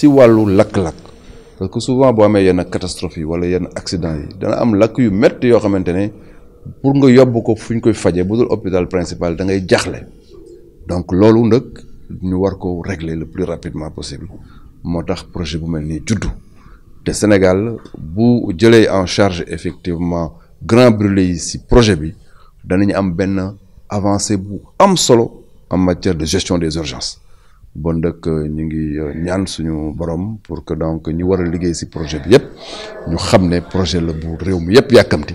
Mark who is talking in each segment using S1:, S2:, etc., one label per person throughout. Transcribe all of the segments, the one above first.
S1: si walu lak lak parce que souvent y a yenn catastrophe y wala yenn accident yi dana am lakk yu métti yo xamantene pour nga yob ko fuñ koy faje budul hôpital principal da ngay jaxlé donc nous nak ñu war ko régler le plus rapidement possible motax projet bu melni juddu Sénégal bu jëlé en charge effectivement grand brûlé ici, le projet bi danañu am ben avancée bu am solo en matière de gestion des urgences bon nag ñu ngi euh, ñaan suñu borom pour que donc ñu war a liggéey ci projet bi yépp ñu xam ne projet la bu réew mi yépp yàkkamti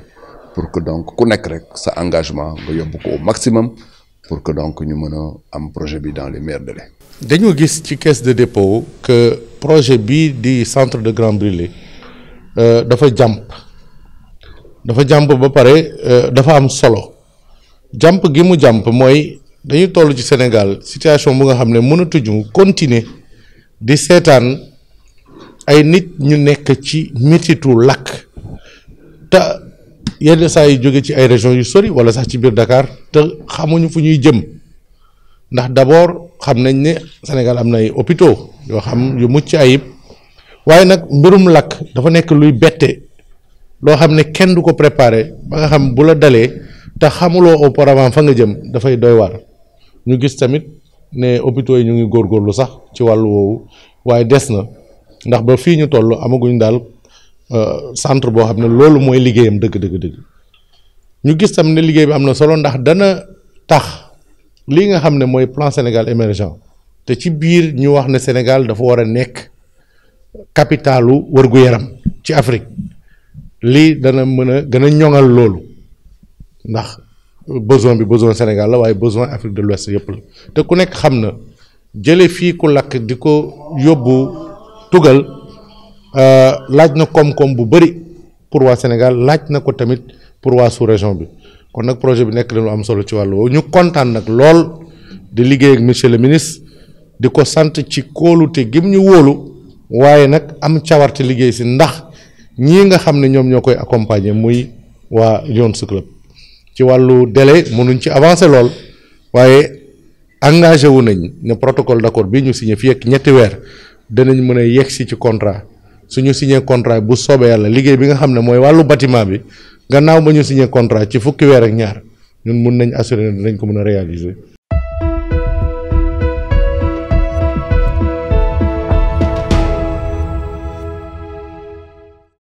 S1: pour que donc ku nekk rek sa engagement nga yóbbu ko au maximum pour que donc ñu mën a am projet bi dans les de délais.
S2: dañu gis ci caisse de dépôt que projet bii di centre de Grand Brûlé euh, dafa jàmp dafa jàmp ba pare euh, dafa am solo jàmp gi mu jàmp mooy. dañu toll ci Sénégal situation bu nga xam ne mënatuñu continuer di seetaan ay nit ñu nekk ci métitu làkk te yenn saa yi jóge ci ay régions yu sori wala sax ci biir Dakar te xamuñu fu ñuy jëm ndax d'abord xam nañ ne Sénégal am na ay hôpitaux yoo xam yu mucc ayib waaye nag mbirum làkk dafa nekk luy bette loo xam ne kenn du ko préparé ba nga xam bu la dalee te xamuloo auparavant fa nga jëm dafay doy waar ñu gis tamit ne hôpitaux yi ñu ngi góor góorlu sax ci wàllu woowu waaye des na ndax ba fii ñu toll amaguñu daal euh, centre boo xam ne loolu mooy liggéeyam dëgg dëgg dëgg ñu gis tamit ne liggéey bi am na solo ndax dana tax lii nga xam ne mooy plan Sénégal émergent te ci biir ñu wax ne Sénégal dafa war a nekk capitalu wërgu yaram ci Afrique lii dana mën a gën a ñoŋal loolu ndax besoin bi besoin Sénégal la waaye besoin Afrique de l'Ouest yëpp la te ku nekk xam na jële fii ku lakk di ko yóbbu tugal euh, laaj na koom-koom bu bëri pour waa Sénégal laaj na ko tamit pour waa sous-région bi kon nag projet bi nekk na lu am solo ci wàllu woowu ñu kontaan nag lool di liggéey ak monsieur le ministre di ko sant ci kóolute gim ñu wóolu waaye nag am cawarte liggéey si ndax ñii nga xam ne ñoom ñoo koy accompagner muy waa Lions Club ci wàllu délai mënuñ ci avancer lool waaye engagé wu nañ ne protocole d'accord bii ñu signé fi ak ñetti weer danañ mën a yegsi ci contrat suñu signé contrat bu soobee yàlla liggéey bi nga xam ne mooy wàllu bâtiment bi gannaaw ma ñu signé contrat ci fukki weer ak ñaar ñun mun nañ assurer ne dinañ ko mën a réaliser